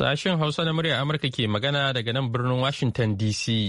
Sashen Hausa na muryar Amurka ke magana daga nan birnin Washington DC.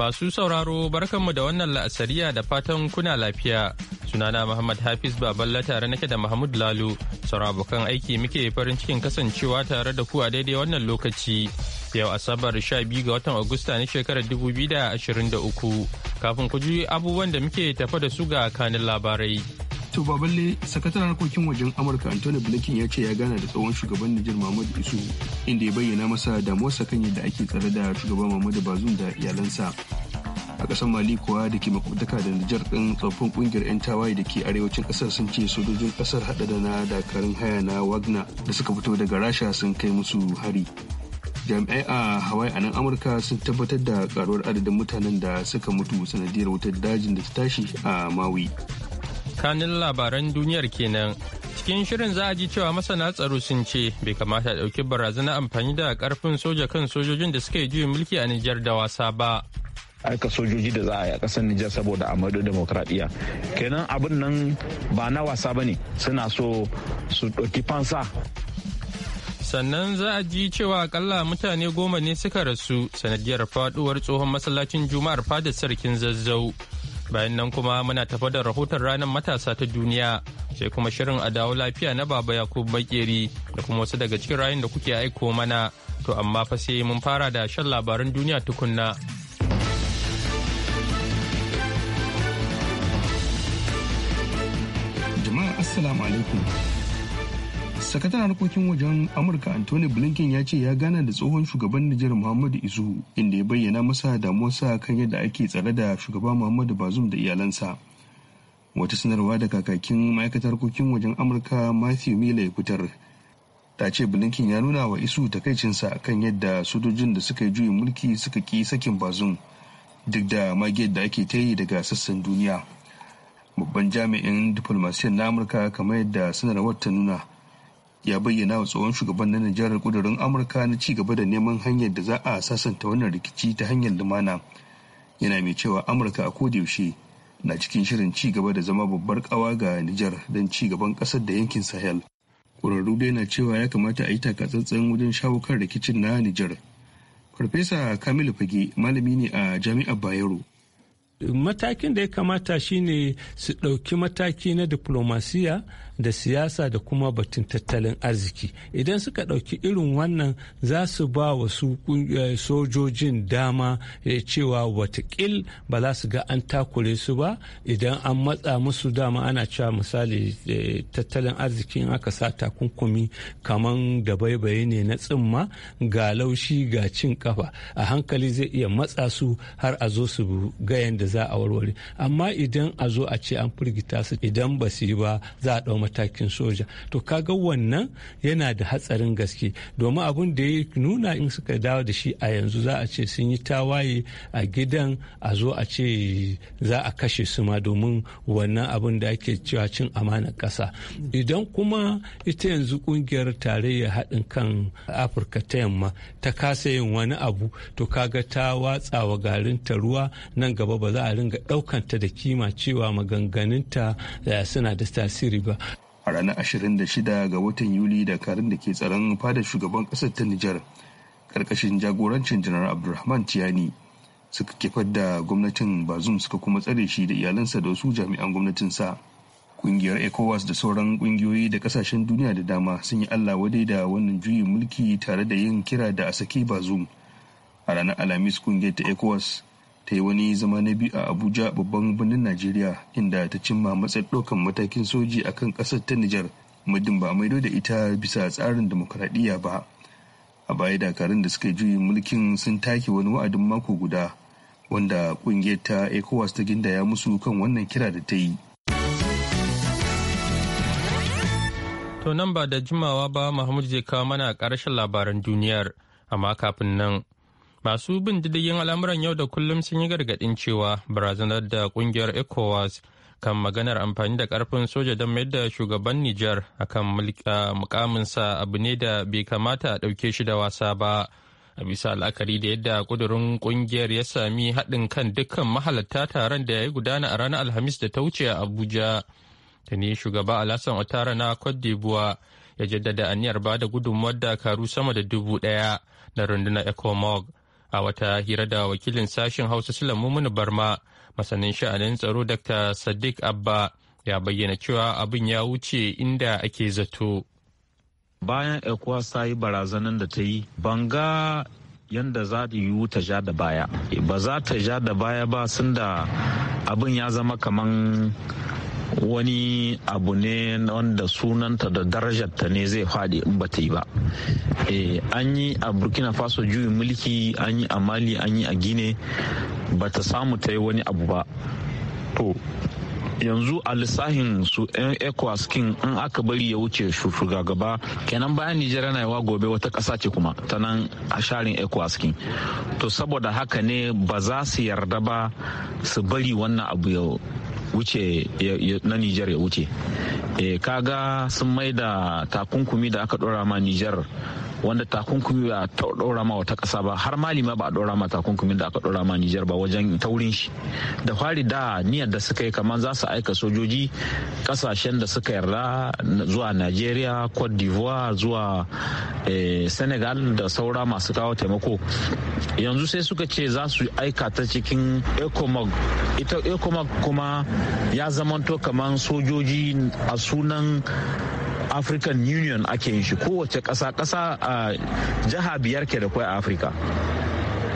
Masu sauraro barkanmu da wannan la'asariya da fatan kuna lafiya. Sunana Muhammad Hafiz Baballa tare nake da Mahmud lalu Sauraro abokan aiki muke farin cikin kasancewa tare da ku a daidai wannan lokaci. Yau Asabar 12 ga watan Agusta na shekarar 2023. Kafin ku ji abubuwan da muke tafa da su ga kanin labarai. To baballe sakataren harkokin wajen Amurka Anthony Blinken ya ce ya gana da tsohon shugaban Nijar Muhammadu Isu inda ya bayyana masa damuwarsa kan yadda ake tsare da shugaban Muhammadu Bazoum da iyalansa. A ƙasar Mali kuwa da ke makwabtaka da Nijar ɗin tsoffin ƙungiyar 'yan tawaye da ke arewacin kasar sun ce sojojin ƙasar haɗa da na dakarun haya na Wagner da suka fito daga Rasha sun kai musu hari. jami'ai a hawaii a nan amurka sun tabbatar da karuwar adadin mutanen da suka mutu sanadiyar wutar dajin da ta tashi a maui kanin labaran duniyar kenan cikin shirin za a ji cewa masana tsaro sun ce bai kamata a ɗauki barazana amfani da karfin soja kan sojojin da suka yi juyin mulki a nijar da wasa ba aika sojoji da za a yi a ƙasar Nijar saboda amadu Kenan abin nan ba na wasa ba ne suna so su ɗauki fansa. Sannan za a ji cewa akalla mutane goma ne suka rasu sanadiyar faduwar tsohon masallacin Juma'ar fadar sarkin zazzau bayan nan kuma muna tafa da rahoton ranar matasa ta duniya sai kuma shirin a dawo lafiya na baba yakubu bakeri da kuma wasu daga cikin rayun da kuke aiko mana to amma fa sai mun fara da shan labaran duniya tukunna jama'a assalamu alaikum sakataren harkokin wajen amurka anthony blinken ya ce ya gana da tsohon shugaban nijar muhammadu isu inda ya bayyana masa damuwarsa kan yadda ake tsare da shugaban muhammadu bazum da iyalansa wata sanarwa da kakakin ma'aikatar harkokin wajen amurka matthew miller ya fitar ta ce blinken ya nuna wa isu takaicinsa kan yadda sojojin da suka yi juyin mulki suka ki sakin bazum duk da magiyar da ake ta yi daga sassan duniya babban jami'in diplomasiyyar na amurka kamar yadda sanarwar ta nuna ya bayyana wa tsohon shugaban na Nijar kudurin Amurka na ci gaba da neman hanyar da za a sasanta wannan rikici ta hanyar lumana. Yana mai cewa Amurka a yaushe na cikin shirin ci gaba da zama babbar kawa ga Nijar don ci gaban ƙasar da yankin Sahel. Ƙwararru dai na cewa ya kamata a yi takatsantsan wajen shawo kan rikicin na Nijar. Farfesa Kamilu Fage malami ne a Jami'ar Bayero matakin da ya kamata shine su ɗauki mataki na diplomasiya da siyasa da kuma batun tattalin arziki idan suka ɗauki irin wannan za su ba wa su sojojin dama eh, cewa watakil ba za su ga an takure su ba idan an matsa musu dama ana cewa misali eh, tattalin arziki in aka sa takunkumi kaman da baibaye ne na tsimma ga laushi ga cin kafa a hankali zai iya matsa su har a zo su ga yadda da za a warware amma idan a zo a ce an firgita su idan ba su yi ba za a ɗau matakin soja to kaga wannan yana da hatsarin gaske domin abin da ya nuna in suka dawo da shi a yanzu za a ce sun yi tawaye a gidan a zo a ce za a kashe su ma domin wannan abin da ake cewa cin amanar ƙasa idan kuma ita yanzu kungiyar tarayyar haɗin kan afirka ta yamma ta kasa yin wani abu to kaga ta watsa wa garin ta ruwa nan gaba ba za a ringa ɗaukanta da kima cewa maganganunta eh, suna da tasiri ba a ranar 26 ga watan yuli da karin da ke tsaron fada shugaban kasar ta nijar karkashin jagorancin janar abdulrahman tiyani suka kifar da gwamnatin bazum suka kuma tsare shi da iyalansa da wasu jami'an gwamnatinsa kungiyar ecowas da sauran kungiyoyi da kasashen duniya da dama sun yi allah wadai da wannan juyin mulki tare da yin kira da a saki bazum a ranar alhamis kungiyar ta ecowas ta yi wani zama na biyu a abuja babban birnin najeriya inda ta cimma matsayin ɗaukan matakin soji a kan ƙasar ta nijar muddin ba maido da ita bisa tsarin demokuraɗiyya ba a baya dakarun da suka juyi mulkin sun take wani wa'adin mako guda wanda ƙungiyar ta ecowas ta ginda ya musu kan wannan kira da ta yi to nan ba da jimawa ba mahmud zai kawo mana ƙarshen labaran duniyar amma kafin nan Masu bin diddigin al'amuran yau da kullum sun yi gargadin cewa barazanar da kungiyar ECOWAS kan maganar amfani da karfin soja don mayar da shugaban Nijar akan mukaminsa abu ne da bai kamata a ɗauke shi da wasa ba. A bisa la'akari da yadda kudurin kungiyar ya sami haɗin kan dukkan mahalarta taron da ya yi gudana a ranar Alhamis da ta wuce a Abuja. ne shugaba alhassan otara na Cote d'Ivoire ya jaddada aniyar ba da gudunmuwar dakaru sama da dubu ɗaya na rundunar ECOMOG. a wata hira da wakilin sashen hausa mumunu barma masanin sha'anin tsaro dr sadiq abba ya bayyana cewa abin ya wuce inda ake zato bayan ekuwa sayi yi barazanar da ta yi banga yadda za ta yiwu ta ja da baya ba za ta ja da baya ba sun da abin ya zama kaman wani abu ne wanda sunanta da darajarta ne zai faɗi in ba ta yi ba eh, an yi a burkina faso juyin mulki an yi a mali an yi a gine ba ta samu ta yi wani abu ba to yanzu a lissahin su yan ecowas in aka bari ya wuce shugaba kenan bayan nijar yana yawa gobe wata ƙasa ce kuma ta nan a sharin ecowas kin to saboda haka ne ba za su yarda ba su bari wannan abu yau wuce na Nijar ya wuce. E, kaga sun maida takunkumi da aka ɗora ma Nijar wanda takunkumi ba ta ɗora ma wata ƙasa ba har ma ma ba a ɗora ma takunkumin da aka ɗora ma Nijar ba wajen taurin shi da fari da niyyar da suka yi kamar za su aika sojoji ƙasashen da suka yarda zuwa nigeria Cote d'Ivoire zuwa eh, Senegal da saura masu kawo taimako yanzu sai suka ce za su aika ta cikin ECOMOG ita ECOMOG kuma ya zamanto kamar sojoji a sunan african union ake yin shi kowace ƙasa ƙasa a jiha biyar ke da kwai a afirka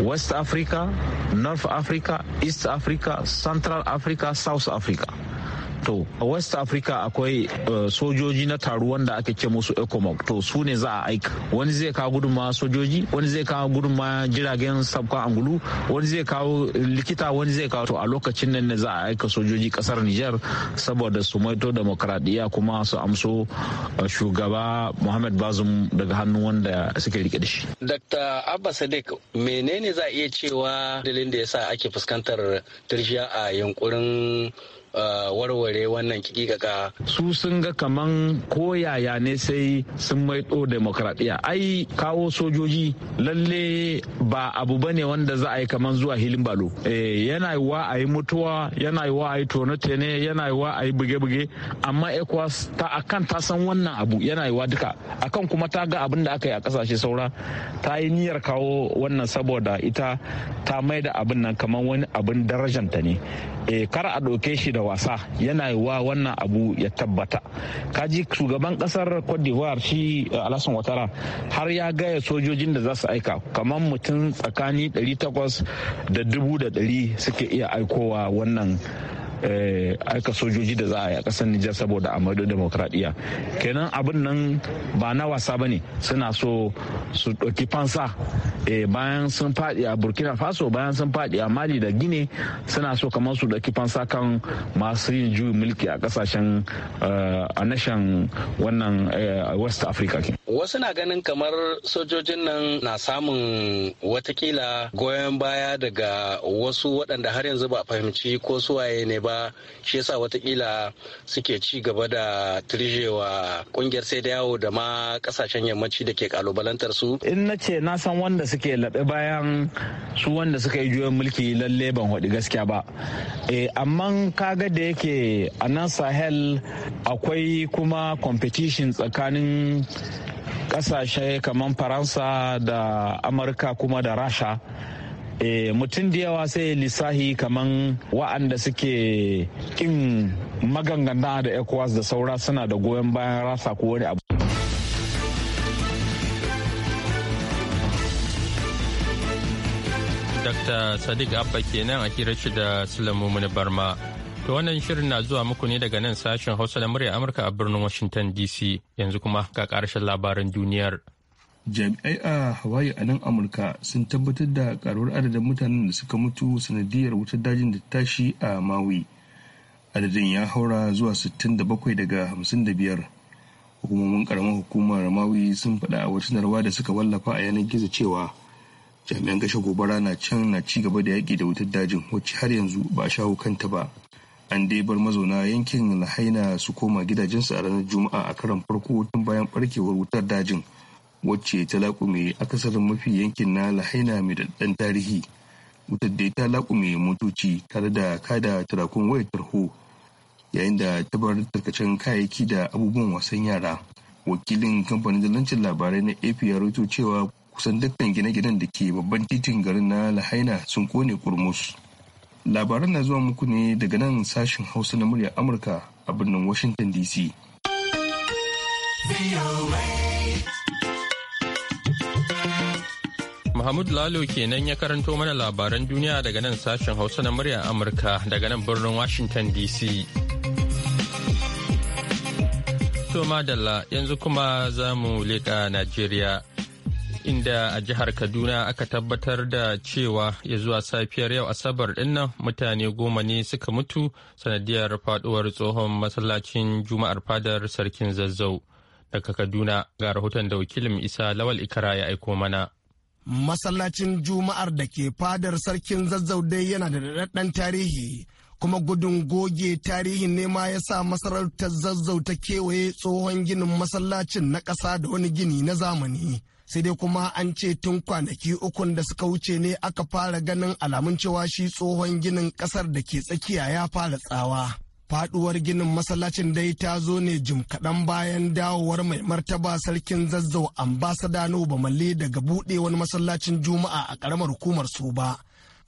west africa north africa east africa central africa south africa to a west africa akwai eh, sojoji na taru wanda aka ce musu ecomog to su ne za a aika wani zai kawo gudunma sojoji wani zai kawo gudunma jiragen sabka angulu wani zai kawo likita wani zai kawo to a lokacin nan ne za a aika sojoji kasar niger saboda su maito demokradiyya kuma su amso eh, shugaba muhammad bazum daga hannun wanda suke rike da shi dr abba sadiq menene za a iya cewa dalilin da yasa ake fuskantar tirjiya a yankurin Eh, warware wannan kikikaka su sun ga kaman koyaya ne sai sun maido demokradiyya ai kawo sojoji lalle ba abu ba ne wanda za a yi kaman zuwa hilin balo eh, yana yiwa a yi mutuwa yana yiwa a yi tone-tone yana yiwa a yi buge-buge amma ecowas ta akan ta san wannan abu yana yiwa duka akan kuma ta ga abin da aka yi a kasashe saura ta yi niyyar kawo wannan saboda ita ta mai da abin nan kaman wani abin darajanta ne Eh, kar a ɗauke shi da wasa yana wa wannan abu ya tabbata kaji shugaban ƙasar cote d'ivoire shi eh, alasan watara har ya gaya sojojin da za su aika kamar mutum tsakani 800 da 100 suke iya aikowa wannan Eh, aika sojoji da za a yi a ƙasar Nijar saboda Amadu demokradiyya kenan abin nan ba na wasa ba ne suna so su ɗauki fansa eh, bayan sun faɗi a burkina faso bayan sun faɗi a mali da gine suna so kamar su ɗauki fansa kan masu yin juyin mulki a ƙasashen eh, a nashan wannan west africa wasu na ganin kamar sojojin nan na samun watakila goyon baya daga wasu waɗanda har yanzu ba fahimci ko suwaye ne ba ba shi yasa watakila suke ci gaba da turjewa kungiyar sai da yawo da ma kasashen yammaci da ke kalubalantar su in na ce na san wanda suke laɓe bayan su wanda suka yi juyin mulki lalle ban waɗi gaskiya ba eh, amma kaga da yake a nan sahel akwai kuma competition tsakanin kasashe kamar faransa da amurka kuma da rasha Eh, mutum da yawa sai lissahi kamar wa'anda suke kin magangana da ecowas da saura suna da goyon bayan rasa ko wani abu Dr. Sadiq Abba kenan a hirar shi da Sulaimu Barma. To wannan shirin na zuwa muku ne daga nan sashen Hausa da murya Amurka a birnin Washington DC yanzu kuma ga karshen labaran duniyar. jami'ai a hawaii a nan amurka sun tabbatar da karuwar adadin mutanen da suka mutu sanadiyar wutar dajin da tashi a maui adadin ya haura zuwa 67 daga 55 hukumomin karamar hukumar maui sun faɗa a wata sanarwa da suka wallafa a yanar gizo cewa jami'an kashe gobara na can na ci gaba da yaƙi da wutar dajin wacce har yanzu ba a shawo kanta ba an dai bar mazauna yankin lahaina su koma gidajensu a ranar juma'a a karan farko tun bayan barkewar wutar dajin wacce ta laƙume akasarin mafi yankin na lahaina mai daddan tarihi wutar da ta laƙume motoci tare da kada tarakun wayar tarho yayin da ta bar tarkacen kayayyaki da abubuwan wasan yara wakilin kamfanin dalancin labarai na ap ya cewa kusan dukkan gine-ginen da ke babban titin garin na lahaina sun kone kurmus labaran na zuwa muku ne daga nan sashen hausa na muryar amurka a birnin washington dc Mahmud Lalo kenan ya karanto mana labaran duniya daga nan sashen Hausa na murya Amurka daga nan birnin Washington DC. To madalla yanzu kuma za mu leƙa Najeriya. Inda a jihar Kaduna aka tabbatar da cewa ya zuwa safiyar yau Asabar nan mutane goma ne suka mutu sanadiyar faduwar tsohon masallacin Juma'ar fadar Sarkin Zazzau. Daga Kaduna ga rahoton da wakilin Isa Lawal Ikara ya aiko mana. masallacin juma'ar da ke fadar sarkin zazzaudai yana da daɗaɗɗen tarihi kuma gudun goge tarihin nema ya sa masarautar zazzau ta kewaye tsohon ginin masallacin na ƙasa da wani gini na zamani sai dai kuma an ce tun kwanaki ukun da suka wuce ne aka fara ganin alamun cewa shi tsohon ginin ƙasar da ke tsakiya ya fara tsawa faduwar ginin masallacin dai ta zo ne jim kaɗan bayan dawowar mai martaba sarkin zazzau ambasada nuba malle daga buɗe masallacin juma'a a ƙaramar hukumar su ba.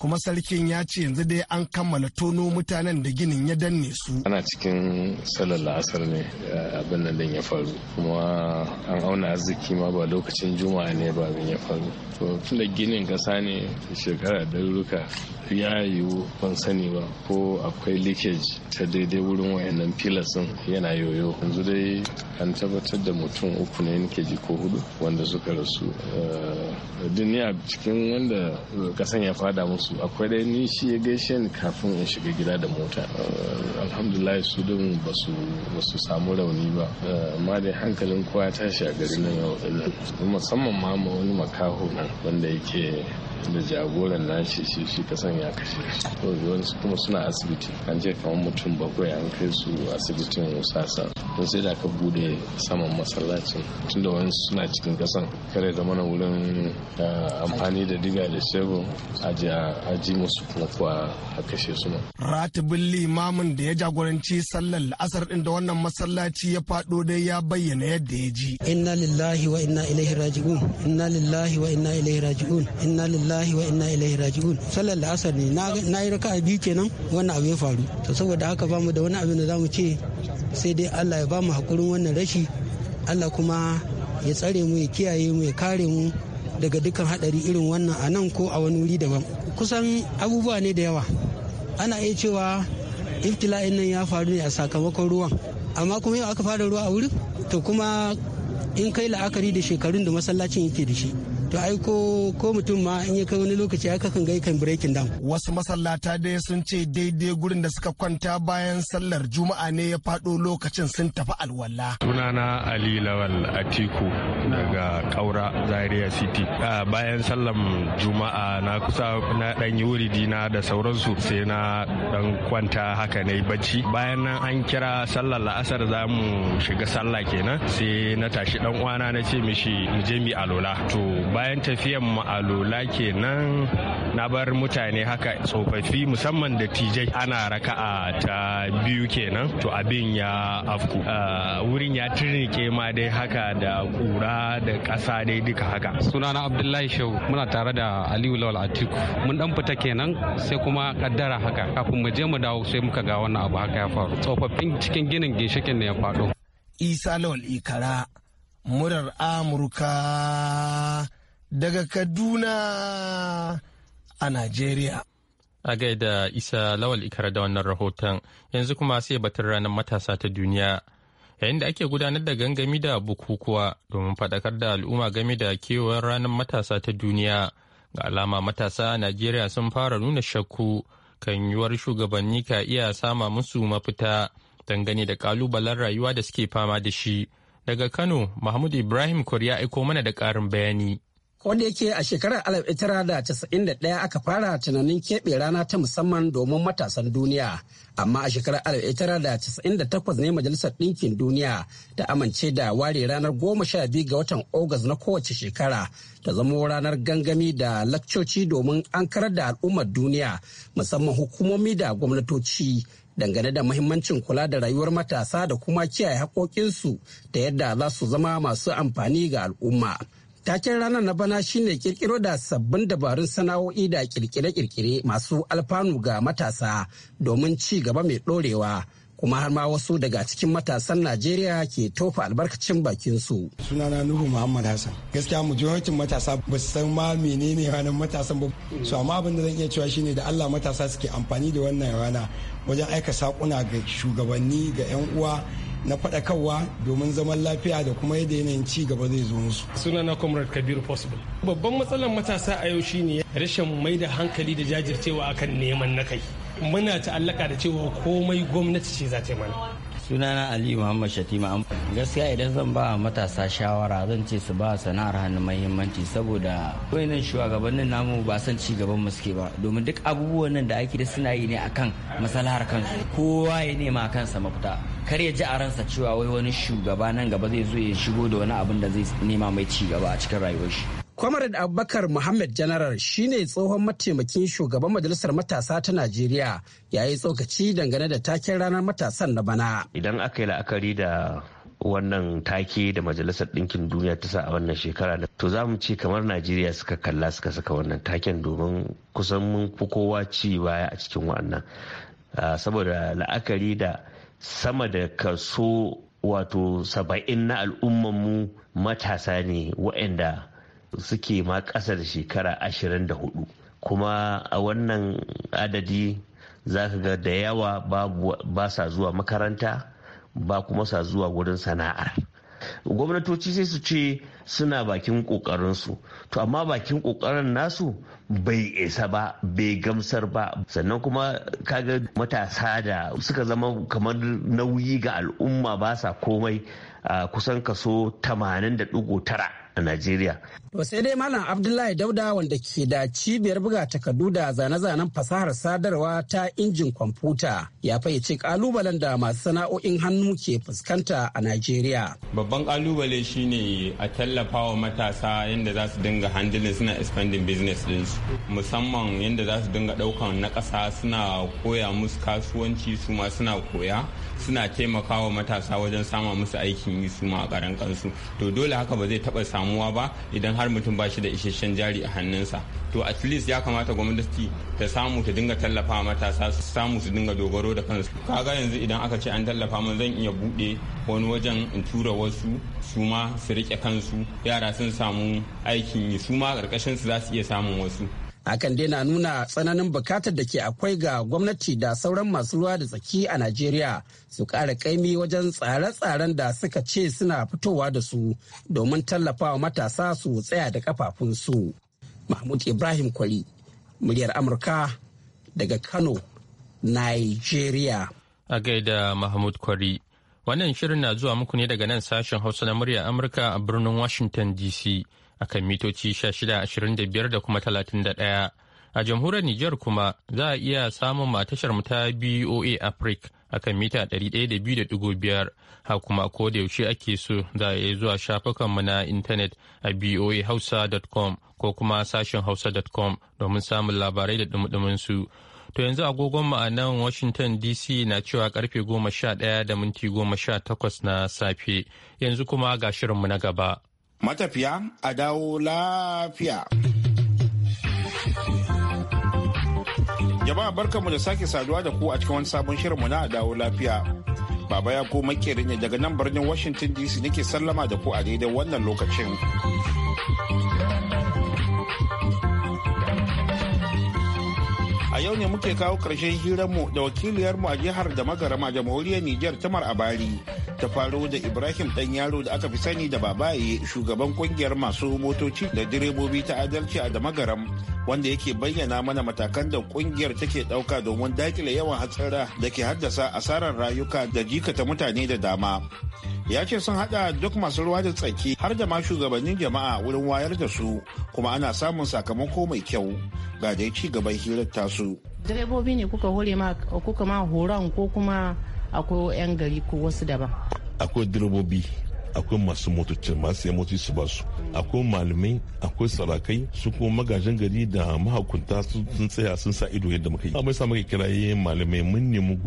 kuma sarkin ya ce yanzu dai an kammala tono mutanen da ginin ya danne su ana cikin salar asar ne eh, abin nan din ya faru kuma an auna arziki ma ba lokacin juma'a ne ba abin ya faru to tun da ginin kasa ne shekara daruruka ya yiwu ban sani ba ko akwai leakage ta daidai wurin wayannan filasin yana yoyo yanzu dai an tabbatar da mutum uku ne nake ji ko hudu wanda suka rasu eh, duniya cikin wanda kasan ya fada musu su akwai dai ni shi ya gaishe ni kafin in shiga gida da mota alhamdulillah su din ba su samu rauni ba amma dai hankalin kowa tashi a garin nan yau musamman ma wani makaho nan wanda yake da jagoran nashi shi shi kasan ya kashe to wani kuma suna asibiti an je kamar mutum bakwai an kai su asibitin wasasa don sai da aka bude saman masallacin tunda wani suna cikin kasan kare da mana wurin ah, amfani da diga da shego a ji musu kuma kuwa a kashe su ratibin limamin da ya jagoranci sallar la'asar din da wannan masallaci ya faɗo dai ya bayyana yadda ya ji inna lillahi wa inna ilaihi raji'un inna lillahi wa inna ilaihi raji'un inna lillahi lillahi wa inna ilaihi raji'un sallar la'asar ne na yi raka'a biyu kenan wannan abu ya faru to saboda haka bamu da wani abin da zamu ce sai dai Allah ya bamu hakurin wannan rashi Allah kuma ya tsare mu ya kiyaye mu ya kare mu daga dukkan hadari irin wannan a nan ko a wani wuri daban kusan abubuwa ne da yawa ana iya cewa iftila'in nan ya faru ne a sakamakon ruwan amma kuma yau aka fara ruwa a wurin to kuma in kai la'akari da shekarun da masallacin yake da shi to ai ko ko mutum ma in ya kai wani lokaci aka kan ga kan breaking down wasu masallata dai sun ce daidai gurin da suka kwanta bayan sallar juma'a ne ya fado lokacin sun tafi alwala sunana ali lawal atiku daga kaura zaria city bayan sallar juma'a na kusa na dan yi wuri na da sauransu sai na dan kwanta haka ne bacci bayan nan an kira sallar la'asar za mu shiga sallah kenan sai na tashi dan uwana na ce mishi mu je mi alola to bayan tafiyan mu a lola kenan na bar mutane haka tsofaffi musamman da tj ana raka'a ta biyu kenan to abin ya afku ah, wurin ya turnike ma dai haka da kura da ƙasa dai duka haka sunana abdullahi shehu muna tare da aliyu lawal atiku mun dan fita kenan sai kuma kaddara haka kafin mu je mu dawo sai muka ga wannan abu haka ya faru tsofaffin cikin ginin ginshikin ne ya faɗo isa lawal ikara murar amurka daga Kaduna a Najeriya. A gaida Isa Lawal Ikara da wannan rahoton yanzu kuma sai batun ranar matasa ta duniya. Yayin da ake gudanar da gangami da bukukuwa domin faɗakar da al'umma game da kewar ranar matasa ta duniya. Ga alama matasa a Najeriya sun fara nuna shakku kan yiwuwar shugabanni ka iya sama musu mafita dangane da kalubalen rayuwa da suke fama da shi. Daga Kano, Mahmud Ibrahim Koriya aiko mana da ƙarin bayani. wanda yake a shekarar 1991 aka fara tunanin keɓe rana ta musamman domin matasan duniya amma a shekarar 1998 ne majalisar ɗinkin duniya ta amince da ware ranar 12 ga watan ogas na kowace shekara ta zama ranar gangami da lakcoci domin an karar da al'ummar duniya musamman hukumomi da gwamnatoci dangane da mahimmancin kula da rayuwar matasa da kuma kiyaye haƙoƙinsu da yadda za su zama masu amfani ga al'umma. Taken ranar na bana shine kirkiro da sabbin dabarun sana'o'i da kirkire-kirkire masu alfanu ga matasa domin ci gaba mai ɗorewa. kuma har ma wasu daga cikin matasan Najeriya ke tofa albarkacin bakin su. Sunana Nuhu Muhammad Hassan. Gaskiya majoritin matasa ba su san ma menene ranar matasan ba. So amma abin da zan iya cewa shine da Allah matasa suke amfani da wannan rana wajen aika sakuna ga shugabanni ga 'yan uwa na faɗakarwa domin zaman lafiya da kuma yadda yanayin ci gaba zai zo musu. Sunana Comrade Kabir Possible. Babban matsalar matasa a yau shine rashin mai da hankali da jajircewa akan neman na kai. Muna ta'allaka da cewa komai gwamnati ce za ta yi mana. sunana ali muhammad shatima gaskiya idan zan ba matasa shawara zan ce su ba sana'ar hannu mahimmanci saboda wayannan shugabannin namu ba san ci gaban mu ba domin duk abubuwan nan da ake da suna yi ne akan masalahar kansu kowa ya nema kansa mafita kar ya ji a ransa cewa wai wani shugaba nan gaba zai zo ya shigo da wani abin da zai nema mai ci gaba a cikin rayuwar shi. Comrade Abubakar Muhammad Janaral shine tsohon mataimakin shugaban majalisar matasa ta Najeriya ya yi tsokaci dangane da taken ranar matasan na bana. Idan aka yi la'akari da wannan take da majalisar ɗinkin duniya ta sa a wannan shekara da to za mu ce kamar najeriya suka kalla suka saka wannan taken domin kusan mun fi kowa ci baya a cikin wannan ah, saboda la'akari da sama da kaso wato saba'in na al'ummanmu matasa ne waɗanda suke ma ƙasa da shekara ashirin da hudu kuma a wannan adadi za ka ga da yawa ba sa zuwa makaranta ba kuma sa zuwa wurin sana'ar gwamnatoci sai su ce suna bakin kokarinsu to amma bakin kokarin nasu bai isa ba bai gamsar ba sannan kuma kaga matasa da suka zama kamar nauyi ga al'umma ba sa komai kusan kaso 80.9 a najeriya To sai dai Malam Abdullahi Dauda wanda ke da cibiyar buga takardu da zane-zanen fasahar sadarwa ta injin kwamfuta ya fayyace kalubalen da masu sana'o'in hannu ke fuskanta a Najeriya. Babban kalubale shine a tallafawa matasa yadda za su dinga handling suna expanding business ɗinsu musamman yadda za su dinga ɗaukan na ƙasa suna koya musu kasuwanci su ma suna koya suna taimakawa matasa wajen sama musu aikin yi su ma a ƙaran kansu to dole haka ba zai taɓa samuwa ba idan har mutum ba shi da isasshen jari a hannunsa to at least ya kamata gwamnati ta samu ta dinga tallafa matasa su samu su dinga dogaro da kansu kaga yanzu idan aka ce an tallafa min zan iya bude wani wajen in tura wasu su ma su rike kansu yara sun samu aikin yi su ma karkashin su za su iya samun wasu hakan dai na nuna tsananin bukatar da ke akwai ga gwamnati da sauran masu ruwa da tsaki a najeriya su kara kaimi wajen tsare-tsaren da suka ce suna fitowa da su domin tallafawa matasa su tsaya da kafafunsu mahmud ibrahim kwari muryar amurka daga kano nigeria a gaida mahmud kwari wannan shirin na zuwa muku ne daga nan sashen hausa na murya amurka a birnin washington dc akan mitoci 1625 da kuma 31. A jamhuriyar Nijar kuma za a iya samun matashar mu ta BOA Africa akan mita 102.5 ha kuma ko da yaushe ake so za a iya zuwa shafukanmu na intanet a boahausa.com ko kuma sashen hausa.com domin samun labarai da dumudumin su. To yanzu agogon mu a nan Washington DC na cewa karfe goma sha ɗaya da minti goma sha takwas na safe yanzu kuma ga shirinmu na gaba. matafiya a dawo lafiya. Jama'a barkanmu da sake saduwa da ku a cikin wani sabon shirinmu na a dawo lafiya. Baba ya ko makerin daga nan birnin Washington DC nake sallama da ku a daidai wannan lokacin. a yau ne muke kawo ƙarshen mu da wakiliyarmu a jihar da magarama jamhuriyar Nijar Tamar Abari ta faro da Ibrahim dan yaro da aka fi sani da babaye shugaban kungiyar masu motoci da direbobi ta adalci a damagaram wanda yake bayyana mana matakan da kungiyar take ɗauka domin dakile yawan hatsara da ke haddasa asarar rayuka da jikata mutane da dama. ya ce sun hada duk masu ruwa da tsaki har da ma shugabannin jama'a wurin wayar da su kuma ana samun sakamako mai kyau ga dai ci gaban hirar tasu su direbobi ne kuka hore ma kuka ma horon ko kuma akwai 'yan gari ko wasu daban akwai direbobi akwai masu motoci masu ya motoci su basu akwai malamai akwai sarakai su kuma magajin gari da mahakunta sun tsaya sun sa ido yadda muka yi amma sa muka kiraye malamai mun nemi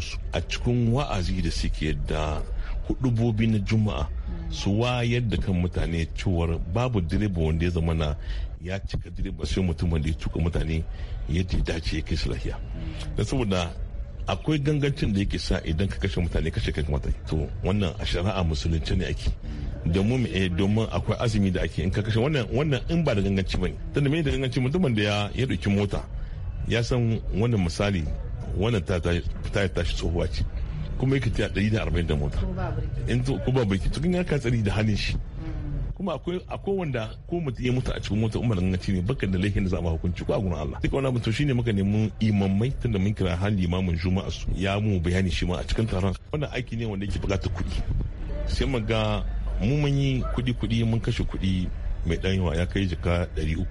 su. a cikin wa'azi da suke da hudubobi na juma'a su wayar da kan mutane cewar babu direba wanda ya zamana ya cika direba sai mutum wanda ya tuka mutane yadda ya dace ya kai su lahiya da saboda akwai gangancin da yake sa idan ka kashe mutane kashe kai mata to wannan a shari'a musulunci ne ake domin eh domin akwai azumi da ake in ka kashe wannan wannan in ba da ganganci bane tunda me da ganganci mutum da ya ya dauki mota ya san wannan misali wannan ta ta tashi tsohuwa ce kuma yake ta 140 da mota in to ku ba bai to kin ya katsari da halin shi kuma akwai akwai wanda ko mutum ya mutu a cikin mota umar gangaci ne baka da laifin da za a hukunci ko a gurin Allah duka wannan mutum shine muka nemi imamai tunda mun kira har limamin juma'a su ya mu bayani shi ma a cikin taron wannan aiki ne wanda yake bukatar kuɗi sai mu ga mu mun yi kuɗi kuɗi mun kashe kuɗi mai dan yawa ya kai jika uku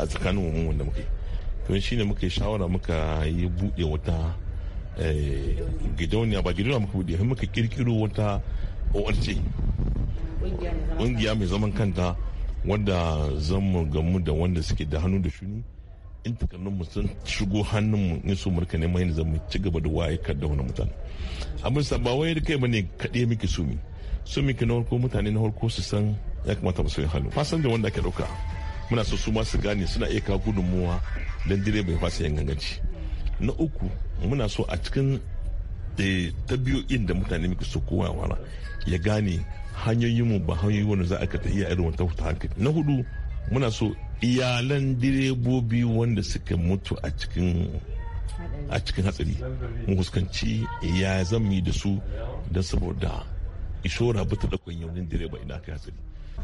a tsakanin mu wanda muka yi to shine muka yi shawara muka yi buɗe wata eh, gidauniya ba gidauniya muka buɗe muka kirkiro wata ORC kungiya mai zaman kanta wadda zan mu gamu da wanda suke da hannu da shuni in mu sun shigo mu in su murka neman yadda zan mu ci gaba da waye kar da wani mutane amma sa ba wai kai bane kaɗai miki sumi sumi ki na farko mutane na harko su san ya kamata ba su yi hannu fasan da wanda ake ɗauka muna so su ma su gane suna iya kawo gudunmuwa don direba ya fasa yin ganganci na uku muna so a cikin da ta biyu inda mutane muke so kowa wala ya gane mu ba hanyoyi wanda za a kata iya irin wata hankali na hudu muna so iyalan direbobi wanda suka mutu a cikin a cikin hatsari mu huskanci ya zammi da su don saboda ishora bata da yaunin direba ina kai hatsari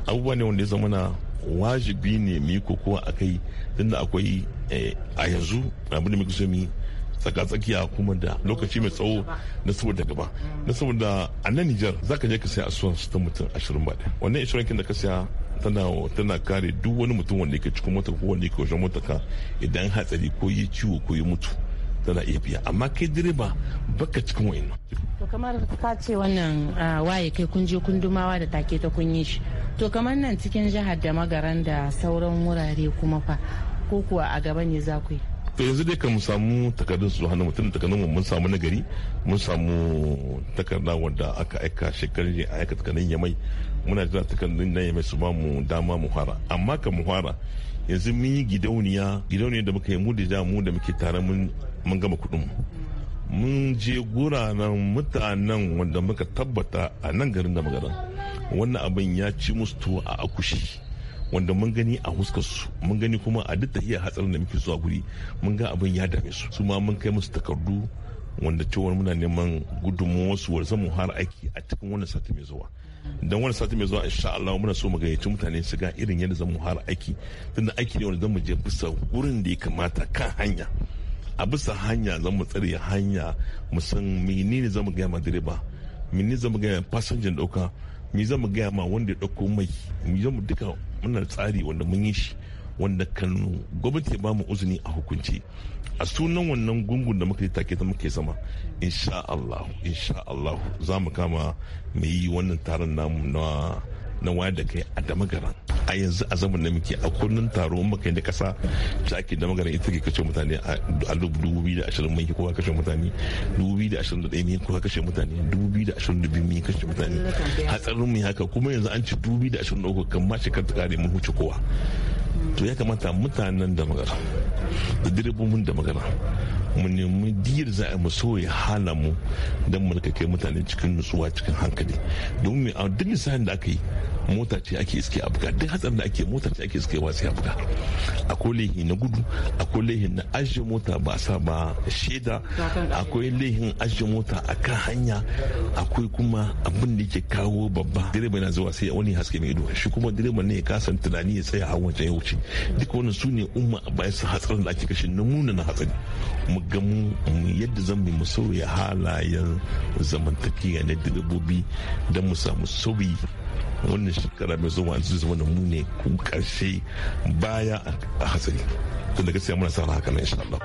abubuwa ne wanda ya zama na wajibi ne mu yi kokowa a kai tunda akwai eh, a yanzu abin da muke so mu tsaka tsakiya kuma da lokaci mai tsawo na saboda gaba na saboda a nan nijar za ka je ka saya asuwan su ta mutum ashirin ba wannan ashirin kin da ka saya tana tana kare duk wani mutum wanda yake cikin motar ko wanda yake wajen motar ka idan hatsari ko yi ciwo ko yi mutu tana iya biya amma kai direba baka cikin wa'in to kamar ka ce wannan waye kai kun je kun dumawa da take ta kun yi shi to kamar nan cikin jihar da magaran da sauran wurare kuma fa ko a gaba ne za ku yi to yanzu dai mu samu takardun su hannun mutum takardun mu mun samu nagari mun samu takarda wanda aka aika shekarun a aika takardun yamai muna jira takardun na yamai su ba mu dama mu fara amma ka mu fara yanzu mun yi gidauniya gidauniya da muka yi mu da mu da muke tare mun gama kuɗin mun je guraren mutanen wanda muka tabbata a nan garin da magaran wannan abin ya ci musu tuwo a akushi wanda mun gani a huskar su mun gani kuma a duk tahiyar hatsarin da muke zuwa guri mun ga abin ya dame su su ma mun kai musu takardu wanda cewar muna neman gudunmuwar su wanda mu har aiki a cikin wannan sati mai zuwa dan wani sati mai zuwa insha Allah muna so mu yace mutane su ga irin yadda zamu har aiki tunda aiki ne wanda zamu je bisa gurin da ya kamata kan hanya a bisa hanya zamu tsare hanya mu san menene zamu ga ma direba menene zamu ga passenger dauka mi zama gaya ma wanda ya ɗauko mai mi zama duka muna tsari wanda mun yi shi wanda kan gwamnati ba mu uzuni a hukunci a sunan wannan gungun da muka yi take ta muke sama insha Allah insha Allah za mu kama mu yi wannan taron namu na na wayar da kai a damagaran a yanzu a zaman da muke a kullun taro muka yi na kasa da ake damagaran ita ke kashe mutane a dubu biyu da ashirin mun kowa kashe mutane dubu biyu da ashirin da ɗaya mun kowa kashe mutane dubu biyu da ashirin da biyu mun kashe mutane hatsarin mu haka kuma yanzu an ci dubu biyu da ashirin da uku kan ma shekar ta kare mun huce kowa to ya kamata mutanen da magana da direbobin da magana mu nemi diyar za a so ya hana mu don mu kai mutane cikin nutsuwa cikin hankali domin a duk misalin da aka yi mota ce ake iske a buga duk hatsarin da ake mota ce ake iske wa sai a buga akwai lehin na gudu akwai lehin na ajiye mota ba sa ba shaida akwai lehin ajiye mota a kan hanya akwai kuma abin da ke kawo babba direba na zuwa sai wani haske mai ido shi kuma direba ne ya kasan tunani ya tsaya a wajen yau. wuce duka wannan su ne umma a bayan su hatsarin da ake kashe namuna na hatsari mu ga yadda zan mu sauya halayen zamantakiya na direbobi don mu samu sauyi wannan shekara mai zuwa an zuwa da mune karshe baya a hatsari daga gaskiya muna sa haka nan insha Allah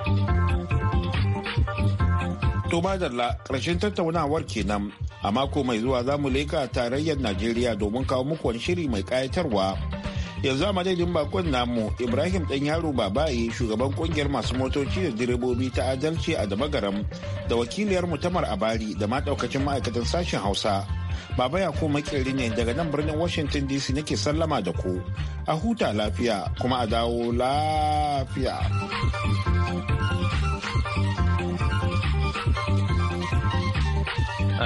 To madalla karshen tattaunawar kenan a mako mai zuwa za mu leka tarayyar Najeriya domin kawo muku wani shiri mai kayatarwa. yanzu a madadin bakon namu ibrahim dan yaro babaye shugaban kungiyar masu motoci da direbobi ta adalci a damagaram da wakiliyar mutamar abari da ma daukacin ma'aikatan sashen hausa baba ya koma makeri ne daga nan birnin washington dc nake sallama da ku a huta lafiya kuma a dawo lafiya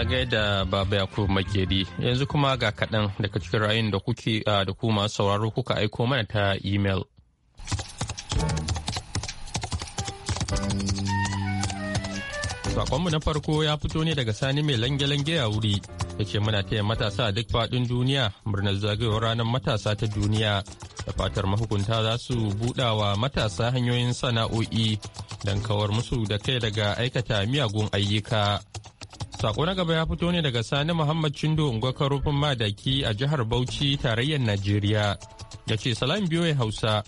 a gaida baba yakub makeri yanzu kuma ga kaɗan daga cikin ra'ayin da kuke da ku masu sauraro kuka aiko mana ta email Sakonmu na farko ya fito ne daga sani mai lange-lange a wuri da ce muna taya matasa duk faɗin duniya murnar zagayowar ranar matasa ta duniya da fatar mahukunta za su buɗa wa matasa hanyoyin sana'o'i don kawar musu da kai daga aikata miyagun ayyuka. Sako na gaba ya fito ne daga Sani Muhammad Chindo Ungwaka Rufin Madaki a jihar Bauchi tarayyar Najeriya. Ya ce salam biyoyi Hausa.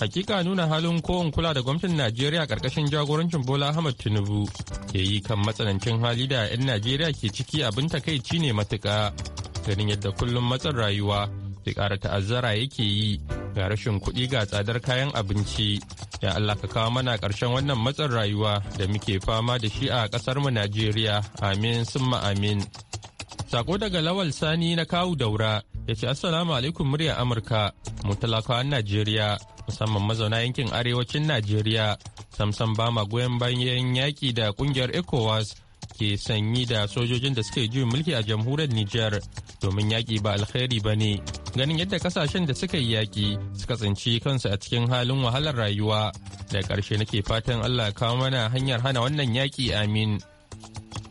Hakika nuna halin kowan kula da gwamnatin Najeriya karkashin jagorancin Bola Ahmad Tinubu ke yi kan matsanancin hali da 'yan Najeriya ke ciki abin takaici ne matuƙa. Ganin yadda kullum matsin rayuwa da ƙara ta'azzara yake yi ga rashin kuɗi ga tsadar kayan abinci Ya Allah ka kawo mana ƙarshen wannan matsin rayuwa da muke fama da shi a mu Najeriya. Amin summa amin. Sako daga Lawal Sani na kawu daura ya ce Assalamu alaikum murya Amurka mu talakawan Najeriya musamman mazauna yankin arewacin Najeriya samsam ba ma goyon bayan yaƙi da ƙungiyar ECOWAS ke sanyi da sojojin da suka suke juyin mulki a jamhuriyar Nijar domin yaƙi ba alkhairi ba ne. Ganin yadda kasashen da suka yi yaƙi suka tsinci kansu a cikin halin wahalar rayuwa. Da ƙarshe nake fatan Allah kawo mana hanyar hana wannan yaƙi amin.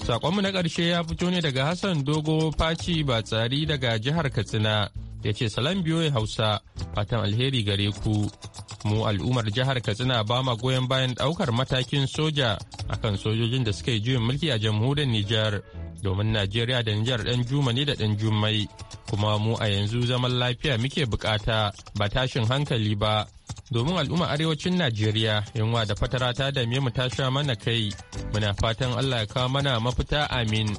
Saƙonmu na ƙarshe ya fito ne daga Hassan Dogo Faci Batsari daga jihar Katsina. Ya ce salam biyoyi Hausa fatan alheri gare ku. mu al'ummar jihar katsina ba ma goyon bayan daukar matakin soja akan sojojin da suka yi juyin mulki a jamhuriyar nijar domin najeriya da nijar dan juma ne da dan jummai kuma mu a yanzu zaman lafiya muke bukata ba tashin hankali ba domin al'umma arewacin najeriya yunwa da fatara ta dame mu ta sha mana kai muna fatan allah ya kawo mana mafita amin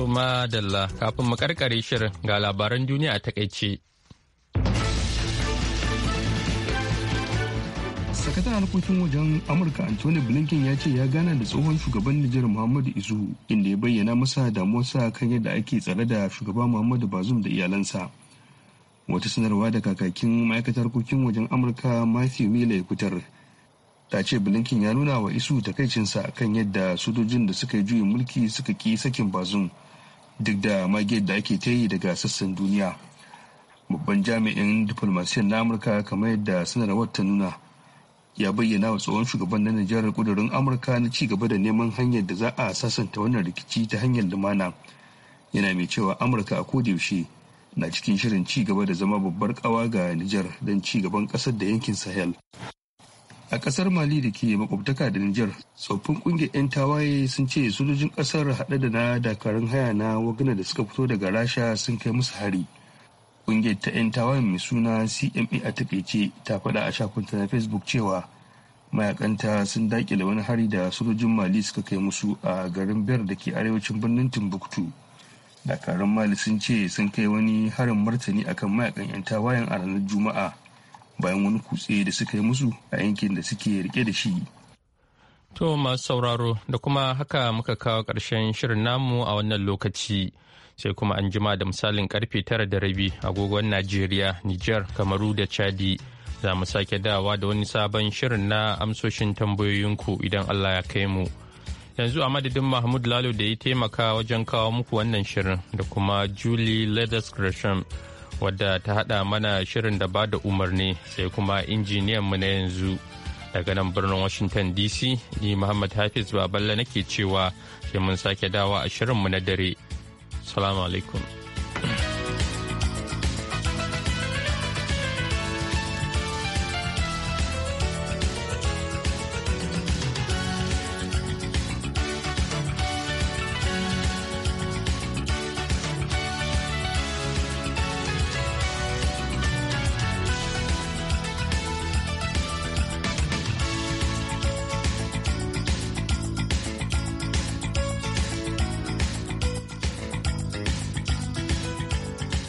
To dalla kafin mu karkare shirin ga labaran duniya a takaice. sakataren harkokin wajen amurka anthony blinken ya ce ya gana da tsohon shugaban nijar muhammadu izu inda ya bayyana masa da damuwarsa kan yadda ake tsare da shugaban muhammadu bazum da iyalansa wata sanarwa da kakakin ma'aikatar harkokin wajen amurka matthew miller ya fitar ta ce blinken ya nuna wa isu takaicinsa kan yadda sojojin da suka yi juyin mulki suka ki sakin bazum duk da magiyar da ake ta yi daga sassan duniya babban jami'in diflomasiyyar na amurka kamar yadda rawar ta nuna ya bayyana wa tsohon shugaban na nijar kudurin amurka na ci gaba da neman hanyar da za a sasanta wannan rikici ta hanyar lumana yana mai cewa amurka a kodayaushe na cikin shirin ci gaba da zama babbar kawa ga nijar don ci gaban kasar da yankin sahel a kasar mali da ke makwabtaka da niger tsoffin kungiyar 'yan tawaye sun ce sojojin kasar haɗe da na dakarun haya na wagana da suka fito daga rasha sun kai musu hari kungiyar ta 'yan tawayen mai suna cma a takaice ta faɗa a shafinta na facebook cewa mayakanta sun dakile wani hari da sojojin mali suka kai musu a garin biyar da ke arewacin birnin timbuktu dakarun mali sun ce sun kai wani harin martani akan mayakan 'yan tawayen a ranar juma'a bayan wani kutse da suka yi musu a yankin da suke rike da shi to masu sauraro da kuma haka muka kawo ƙarshen shirin namu a wannan lokaci sai kuma an jima da misalin karfe tara da rabi agogon najeriya Nijar kamaru da chadi za mu sake dawa da wani sabon shirin na amsoshin tambayoyinku idan allah ya kai mu yanzu a madadin mahmud lalo da ya taimaka wajen kawo muku wannan shirin da kuma julie leathers gresham wadda ta haɗa mana shirin da ba da umarni sai kuma injiniyan mu na yanzu daga nan birnin washington dc ni muhammad hafiz baballa nake cewa sai mun sake dawa a shirin mu na dare salamu alaikum